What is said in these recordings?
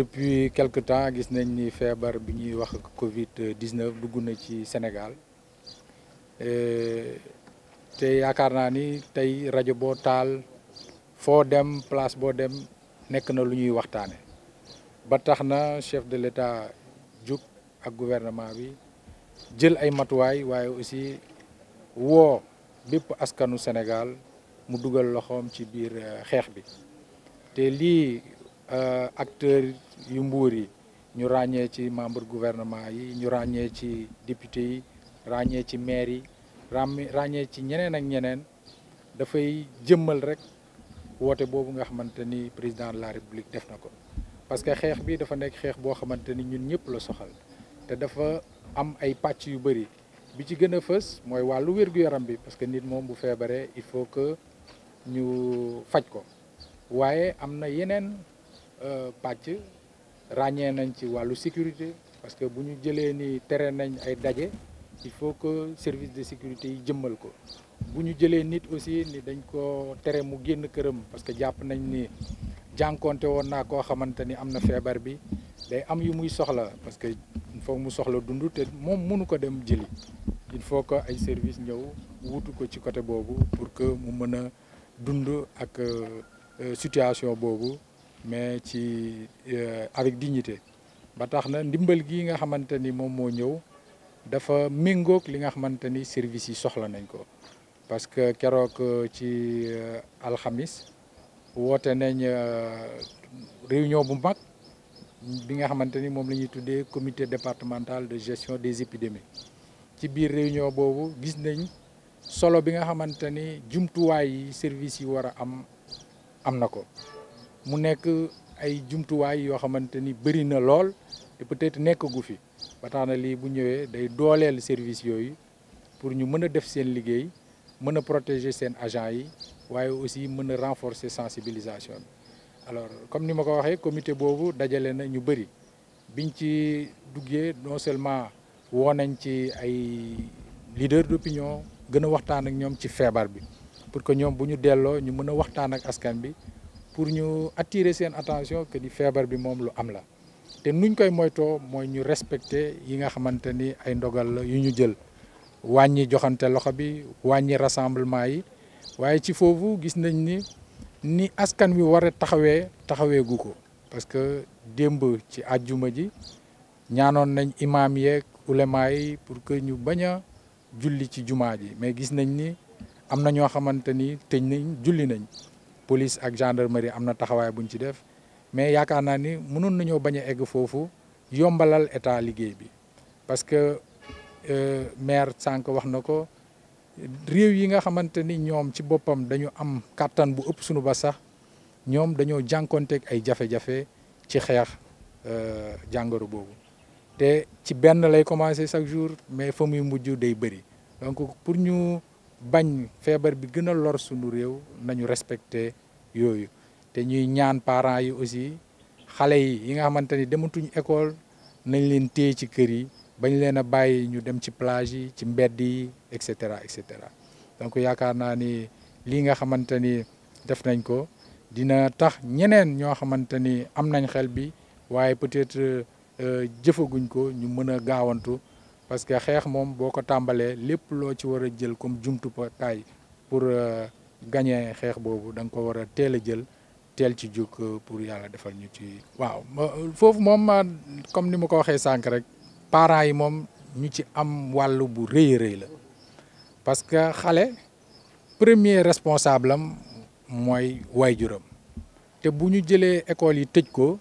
depuis quelque temps gis nañ ni feebar bi ñuy wax Covid 19 dugg na ci Sénégal euh té yakarna ni tay radio boo taal dem place bo dem nek na lu ñuy waxtaane ba taxna chef de l'État jug ak gouvernement bi jël ay matuwaay waaye aussi wo bép askanu Sénégal mu duggal loxom ci bir euh, xex bi te lii euh, acteurs yu mbuur yi ñu ràññee ci membre gouvernement yi ñu ràññee ci député yi ràññee ci maire yi ràññee ci ñeneen ak ñeneen dafay jëmmal rek woote boobu nga xamante ni président de la république def na ko parce que xeex bi dafa nekk xeex boo xamante ni ñun ñëpp la soxal te dafa am ay pàcc yu bëri bi ci gën fës mooy wàllu wér-gu-yaram bi parce que nit moom bu feebaree il faut que ñu faj ko waaye am na yeneen euh, pàcc ràññee nañ ci wàllu sécurité parce que buñu jëlé ni tere nañ ay dajé il faut que service de sécurité yi jëmmal ko buñu jëlé nit aussi ni dañ ko tere mu génn kërëm parce que japp nañ ni jankonté won na ko xamanteni ni am bi day am yu muy soxla parce que il faut mu soxla dund te mom mënu ko dem jëli il faut que ay service ñëw wutu ko ci côté bobu pour que mu mëna a ak euh, situation bobu mais ci euh, avec dignité ba tax na ndimbal gi nga xamante ni moom moo dafa méngoog li nga xamante ni service yi soxla nañ ko parce que keroog euh, ci euh, alxamis woote nañ réunion bu mag bi nga xamante ni moom comité départemental de gestion des épidémies ci biir réunion boobu gis nañ solo bi nga xamante ni jumtuwaay service yi am am ko mu nekk ay jumtuwaay yoo xamante ni bëri na lool te peut-être nekkagu fi ba tax lii bu ñëwee day dooleel service yooyu pour ñu mën a def seen liggéey mën a protéger seen agent yi waaye aussi mën a renforcer sensibilisation bi alors comme ni ma ko waxee comité boobu dajale na ñu bëri biñ ci duggee non seulement woo nañ ci ay leader d'opinion gën a waxtaan ak ñoom ci feebar bi pour que ñoom bu ñu delloo ñu mën a waxtaan ak askan bi pour ñu attirer seen attention que di feebar bi moom lu am la te nuñ koy moytoo mooy ñu respecter yi nga xamante ni ay ndogal la ñu jël loxo bi rassemblement yi waaye ci foofu gis nañ ni ni askan wi war taxawé taxawé guko parce que demb ci aljuma ji ñaanon nañ imaam yeeg ulema yi pour que ñu baña julli ci juma ji mais gis nañ ni amna ño xamanteni teñ nañ julli nañ police ak gendarmerie am na taxawaay buñ ci def mais yaakaar naa ni mënoon nañoo bañ a egg foofu yombalal état liggéey bi parce que euh, maire sànq wax na yi nga xamante ni ci dañu am katan bu up sunu ba sax danyo jang kontek ay jafe-jafe ci xeex euh, jàngoro boobu te ci benn lay commencé chaque jour mais fa muy day bëri donc pour ñu bañ feebar bi gën lor sunu réew nañu respecter yooyu te ñuy ñaan parents yi aussi xale yi yi nga xamante ni dematuñ école nañ leen téye ci kër yi bañ leen a bàyyi ñu dem ci plage yi ci mbedd yi et cetera et cetera donc yaakaar naa ni lii nga xamante ni def nañ ko dina tax ñeneen ñoo xamante ni am nañ xel bi waaye peut-être euh, jëfaguñ ko ñu mën a gaawantu parce que xeex moom boo ko tàmbalee lépp loo ci war a jël comme jumtu jumtukaay pour. Euh, gañee xeex boobu da nga ko war a teel a jël teel ci jóg pour yàlla defal ñu ci. waaw foofu moom ma comme ni ma ko waxee sànq rek parent yi moom ñu ci am wàllu bu rëy rëy la parce que xale premier responsable am mooy waajuram te bu ñu jëlee école yi tëj ko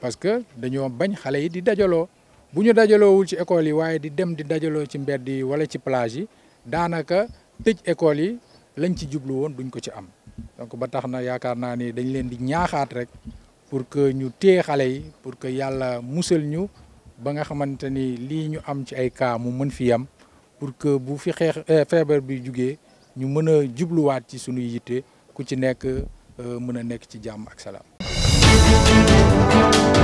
parce que dañoo bañ xale yi di dajaloo bu ñu dajaloowul ci école yi waaye di dem di dajaloo ci mbedd yi wala ci plage yi daanaka tëj école yi. lañ ci jublu woon duñ ko ci am donc ba tax na yaakaar naa ni dañ leen di ñaaxaat rek pour que ñu téye xale yi pour que yàlla musal ñu ba nga xamante ni ñu am ci ay cas mu mën fi am pour que bu fi euh, bi ñu ci sunu yitte ku ci nekk euh, mën a nekk ci jàmm ak